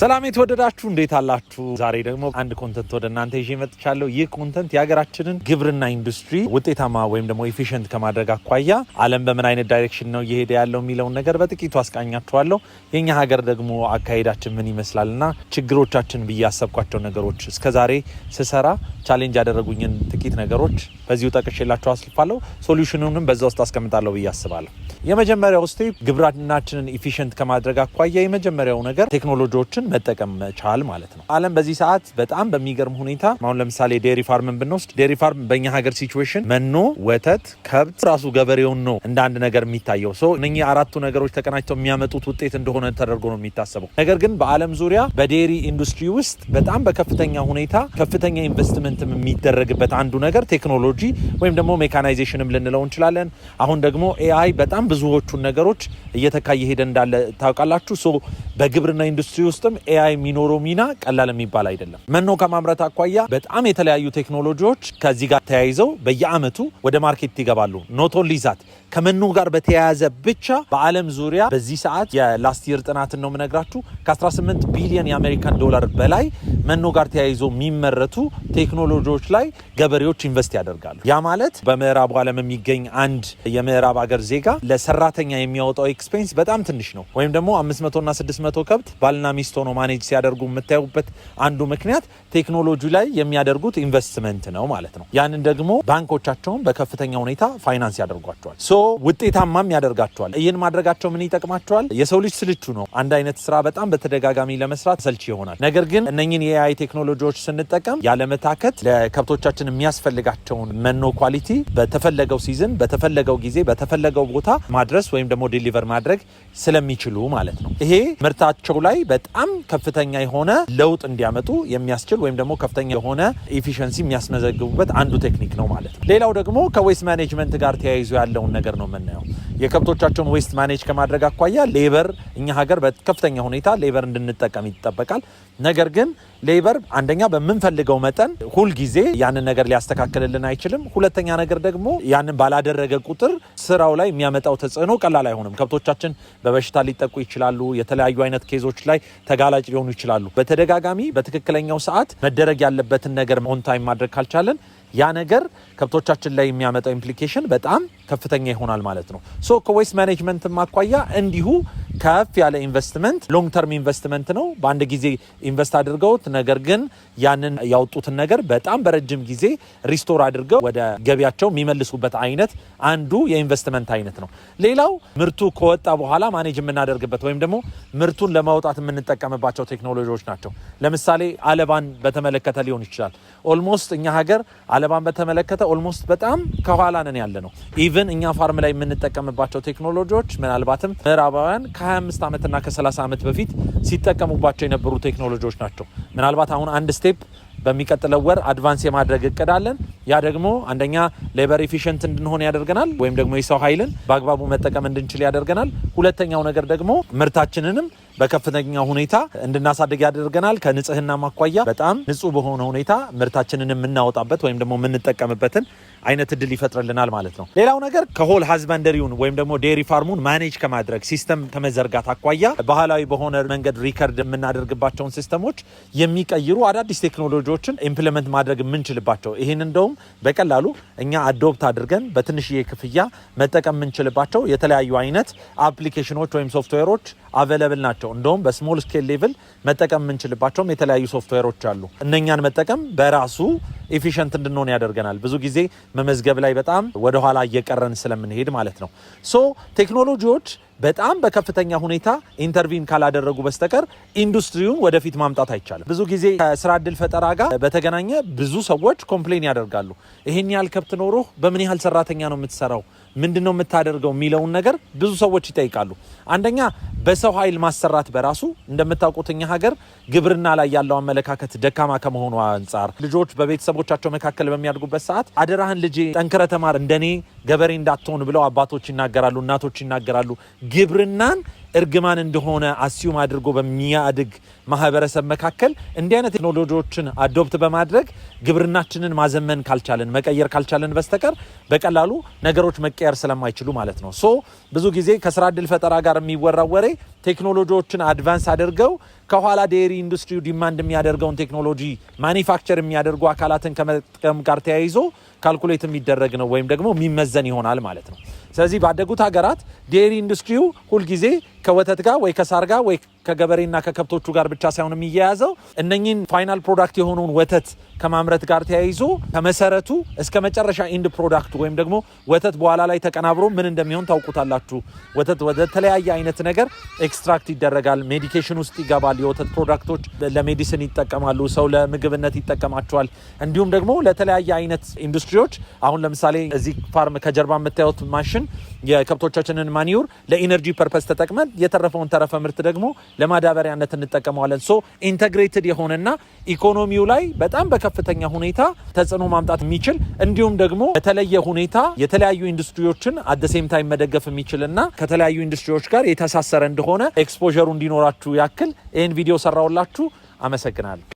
ሰላም የተወደዳችሁ እንዴት አላችሁ? ዛሬ ደግሞ አንድ ኮንተንት ወደ እናንተ ይዤ መጥቻለሁ። ይህ ኮንተንት የሀገራችንን ግብርና ኢንዱስትሪ ውጤታማ ወይም ደግሞ ኤፊሽንት ከማድረግ አኳያ ዓለም በምን አይነት ዳይሬክሽን ነው እየሄደ ያለው የሚለውን ነገር በጥቂቱ አስቃኛችኋለሁ። የኛ ሀገር ደግሞ አካሄዳችን ምን ይመስላል እና ችግሮቻችን ብዬ ያሰብኳቸው ነገሮች እስከዛሬ ስሰራ ቻሌንጅ ያደረጉኝን ጥቂት ነገሮች በዚሁ ጠቅሼላችሁ አስልፋለሁ። ሶሉሽኑንም በዛ ውስጥ አስቀምጣለሁ ብዬ አስባለሁ። የመጀመሪያው ስቴፕ ግብርናችንን ኢፊሽንት ከማድረግ አኳያ የመጀመሪያው ነገር ቴክኖሎጂዎችን መጠቀም መቻል ማለት ነው። ዓለም በዚህ ሰዓት በጣም በሚገርም ሁኔታ አሁን ለምሳሌ ዴሪ ፋርምን ብንወስድ ዴሪ ፋርም በእኛ ሀገር ሲቹዌሽን መኖ፣ ወተት፣ ከብት ራሱ ገበሬውን ነው እንደ አንድ ነገር የሚታየው ሶ እነኚህ አራቱ ነገሮች ተቀናጅተው የሚያመጡት ውጤት እንደሆነ ተደርጎ ነው የሚታሰበው። ነገር ግን በዓለም ዙሪያ በዴሪ ኢንዱስትሪ ውስጥ በጣም በከፍተኛ ሁኔታ ከፍተኛ ኢንቨስትመንትም የሚደረግበት አንዱ ነገር ቴክኖሎጂ ቴክኖሎጂ ወይም ደግሞ ሜካናይዜሽንም ልንለው እንችላለን። አሁን ደግሞ ኤአይ በጣም ብዙዎቹን ነገሮች እየተካ እየሄደ እንዳለ ታውቃላችሁ። በግብርና ኢንዱስትሪ ውስጥም ኤአይ የሚኖረው ሚና ቀላል የሚባል አይደለም። መኖ ከማምረት አኳያ በጣም የተለያዩ ቴክኖሎጂዎች ከዚህ ጋር ተያይዘው በየአመቱ ወደ ማርኬት ይገባሉ። ኖቶን ሊዛት ከመኖ ጋር በተያያዘ ብቻ በዓለም ዙሪያ በዚህ ሰዓት የላስት ይር ጥናትን ነው የምነግራችሁ ከ18 ቢሊዮን የአሜሪካን ዶላር በላይ መኖ ጋር ተያይዞ የሚመረቱ ቴክኖሎጂዎች ላይ ገበሬዎች ኢንቨስት ያደርጋሉ። ያ ማለት በምዕራቡ ዓለም የሚገኝ አንድ የምዕራብ ሀገር ዜጋ ለሰራተኛ የሚያወጣው ኤክስፔንስ በጣም ትንሽ ነው ወይም ደግሞ 500ና 600 መቶ ከብት ባልና ሚስት ሆኖ ማኔጅ ሲያደርጉ የምታዩበት አንዱ ምክንያት ቴክኖሎጂ ላይ የሚያደርጉት ኢንቨስትመንት ነው ማለት ነው። ያንን ደግሞ ባንኮቻቸውን በከፍተኛ ሁኔታ ፋይናንስ ያደርጓቸዋል፣ ሶ ውጤታማም ያደርጋቸዋል። ይህን ማድረጋቸው ምን ይጠቅማቸዋል? የሰው ልጅ ስልቹ ነው። አንድ አይነት ስራ በጣም በተደጋጋሚ ለመስራት ሰልች ይሆናል። ነገር ግን እነኝን የኤአይ ቴክኖሎጂዎች ስንጠቀም ያለመታከት ለከብቶቻችን የሚያስፈልጋቸውን መኖ ኳሊቲ በተፈለገው ሲዝን፣ በተፈለገው ጊዜ፣ በተፈለገው ቦታ ማድረስ ወይም ደግሞ ዲሊቨር ማድረግ ስለሚችሉ ማለት ነው ይሄ ምርታቸው ላይ በጣም ከፍተኛ የሆነ ለውጥ እንዲያመጡ የሚያስችል ወይም ደግሞ ከፍተኛ የሆነ ኤፊሽንሲ የሚያስመዘግቡበት አንዱ ቴክኒክ ነው ማለት ነው። ሌላው ደግሞ ከዌስት ማኔጅመንት ጋር ተያይዞ ያለውን ነገር ነው የምናየው። የከብቶቻቸውን ዌስት ማኔጅ ከማድረግ አኳያ ሌበር እኛ ሀገር በከፍተኛ ሁኔታ ሌበር እንድንጠቀም ይጠበቃል። ነገር ግን ሌበር አንደኛ በምንፈልገው መጠን ሁልጊዜ ያንን ነገር ሊያስተካክልልን አይችልም። ሁለተኛ ነገር ደግሞ ያንን ባላደረገ ቁጥር ስራው ላይ የሚያመጣው ተጽዕኖ ቀላል አይሆንም። ከብቶቻችን በበሽታ ሊጠቁ ይችላሉ። የተለያዩ አይነት ኬዞች ላይ ተጋላጭ ሊሆኑ ይችላሉ። በተደጋጋሚ በትክክለኛው ሰዓት መደረግ ያለበትን ነገር ኦንታይም ማድረግ ካልቻለን ያ ነገር ከብቶቻችን ላይ የሚያመጣው ኢምፕሊኬሽን በጣም ከፍተኛ ይሆናል ማለት ነው። ሶ ከዌስት ማኔጅመንትም አኳያ እንዲሁ ከፍ ያለ ኢንቨስትመንት ሎንግ ተርም ኢንቨስትመንት ነው። በአንድ ጊዜ ኢንቨስት አድርገውት ነገር ግን ያንን ያወጡትን ነገር በጣም በረጅም ጊዜ ሪስቶር አድርገው ወደ ገቢያቸው የሚመልሱበት አይነት አንዱ የኢንቨስትመንት አይነት ነው። ሌላው ምርቱ ከወጣ በኋላ ማኔጅ የምናደርግበት ወይም ደግሞ ምርቱን ለማውጣት የምንጠቀምባቸው ቴክኖሎጂዎች ናቸው። ለምሳሌ አለባን በተመለከተ ሊሆን ይችላል። ኦልሞስት እኛ ሀገር አለባን በተመለከተ ኦልሞስት በጣም ከኋላ ነን ያለ ነው። ኢቨን እኛ ፋርም ላይ የምንጠቀምባቸው ቴክኖሎጂዎች ምናልባትም ምዕራባውያን ከ ዓመት ዓመትና ከ30 ዓመት በፊት ሲጠቀሙባቸው የነበሩ ቴክኖሎጂዎች ናቸው። ምናልባት አሁን አንድ ስቴፕ በሚቀጥለው ወር አድቫንስ የማድረግ እቅድ አለን። ያ ደግሞ አንደኛ ሌበር ኤፊሽንት እንድንሆን ያደርገናል፣ ወይም ደግሞ የሰው ኃይልን በአግባቡ መጠቀም እንድንችል ያደርገናል። ሁለተኛው ነገር ደግሞ ምርታችንንም በከፍተኛ ሁኔታ እንድናሳድግ ያደርገናል። ከንጽህና ማኳያ በጣም ንጹህ በሆነ ሁኔታ ምርታችንን የምናወጣበት ወይም ደግሞ የምንጠቀምበትን አይነት እድል ይፈጥርልናል ማለት ነው። ሌላው ነገር ከሆል ሀዝባንደሪውን ወይም ደግሞ ዴሪ ፋርሙን ማኔጅ ከማድረግ ሲስተም ከመዘርጋት አኳያ ባህላዊ በሆነ መንገድ ሪከርድ የምናደርግባቸውን ሲስተሞች የሚቀይሩ አዳዲስ ቴክኖሎጂዎችን ኢምፕሊመንት ማድረግ የምንችልባቸው ይህን እንደውም በቀላሉ እኛ አዶፕት አድርገን በትንሽዬ ክፍያ መጠቀም የምንችልባቸው የተለያዩ አይነት አፕሊኬሽኖች ወይም ሶፍትዌሮች አቬለብል ናቸው። ናቸው። እንደውም በስሞል ስኬል ሌቭል መጠቀም የምንችልባቸውም የተለያዩ ሶፍትዌሮች አሉ። እነኛን መጠቀም በራሱ ኤፊሽንት እንድንሆን ያደርገናል። ብዙ ጊዜ መመዝገብ ላይ በጣም ወደኋላ እየቀረን ስለምንሄድ ማለት ነው። ሶ ቴክኖሎጂዎች በጣም በከፍተኛ ሁኔታ ኢንተርቪን ካላደረጉ በስተቀር ኢንዱስትሪውን ወደፊት ማምጣት አይቻልም። ብዙ ጊዜ ከስራ እድል ፈጠራ ጋር በተገናኘ ብዙ ሰዎች ኮምፕሌን ያደርጋሉ። ይህን ያህል ከብት ኖሮህ በምን ያህል ሰራተኛ ነው የምትሰራው ምንድን ነው የምታደርገው የሚለውን ነገር ብዙ ሰዎች ይጠይቃሉ። አንደኛ በሰው ኃይል ማሰራት በራሱ እንደምታውቁት እኛ ሀገር ግብርና ላይ ያለው አመለካከት ደካማ ከመሆኑ አንጻር ልጆች በቤተሰብ ቤተሰቦቻቸው መካከል በሚያድጉበት ሰዓት አደራህን ልጄ ጠንክረ ተማር እንደኔ ገበሬ እንዳትሆን ብለው አባቶች ይናገራሉ፣ እናቶች ይናገራሉ። ግብርናን እርግማን እንደሆነ አስዩም አድርጎ በሚያድግ ማህበረሰብ መካከል እንዲህ አይነት ቴክኖሎጂዎችን አዶፕት በማድረግ ግብርናችንን ማዘመን ካልቻለን መቀየር ካልቻለን በስተቀር በቀላሉ ነገሮች መቀየር ስለማይችሉ ማለት ነው። ሶ ብዙ ጊዜ ከስራ እድል ፈጠራ ጋር የሚወራ ወሬ ቴክኖሎጂዎችን አድቫንስ አድርገው ከኋላ ዴሪ ኢንዱስትሪው ዲማንድ የሚያደርገውን ቴክኖሎጂ ማኒፋክቸር የሚያደርጉ አካላትን ከመጥቀም ጋር ተያይዞ ካልኩሌት የሚደረግ ነው ወይም ደግሞ የሚመዘን ይሆናል ማለት ነው። ስለዚህ ባደጉት ሀገራት ዴሪ ኢንዱስትሪው ሁልጊዜ ከወተት ጋር ወይ ከሳር ጋር ወይ ከገበሬና ከከብቶቹ ጋር ብቻ ሳይሆን የሚያያዘው እነኚህን ፋይናል ፕሮዳክት የሆነውን ወተት ከማምረት ጋር ተያይዞ ከመሰረቱ እስከ መጨረሻ ኢንድ ፕሮዳክቱ ወይም ደግሞ ወተት በኋላ ላይ ተቀናብሮ ምን እንደሚሆን ታውቁታላችሁ። ወተት ወደ ተለያየ አይነት ነገር ኤክስትራክት ይደረጋል፣ ሜዲኬሽን ውስጥ ይገባል። የወተት ፕሮዳክቶች ለሜዲሲን ይጠቀማሉ፣ ሰው ለምግብነት ይጠቀማቸዋል። እንዲሁም ደግሞ ለተለያየ አይነት ኢንዱስትሪዎች አሁን ለምሳሌ እዚህ ፋርም ከጀርባ የምታዩት ማሽን የከብቶቻችንን ማኒዩር ለኢነርጂ ፐርፐስ ተጠቅመን የተረፈውን ተረፈ ምርት ደግሞ ለማዳበሪያነት እንጠቀመዋለን። ሶ ኢንተግሬትድ የሆነና ኢኮኖሚው ላይ በጣም በከፍተኛ ሁኔታ ተጽዕኖ ማምጣት የሚችል እንዲሁም ደግሞ በተለየ ሁኔታ የተለያዩ ኢንዱስትሪዎችን አደሴም ታይም መደገፍ የሚችልና ከተለያዩ ኢንዱስትሪዎች ጋር የተሳሰረ እንደሆነ ኤክስፖሩ እንዲኖራችሁ ያክል ይህን ቪዲዮ ሰራውላችሁ። አመሰግናለሁ።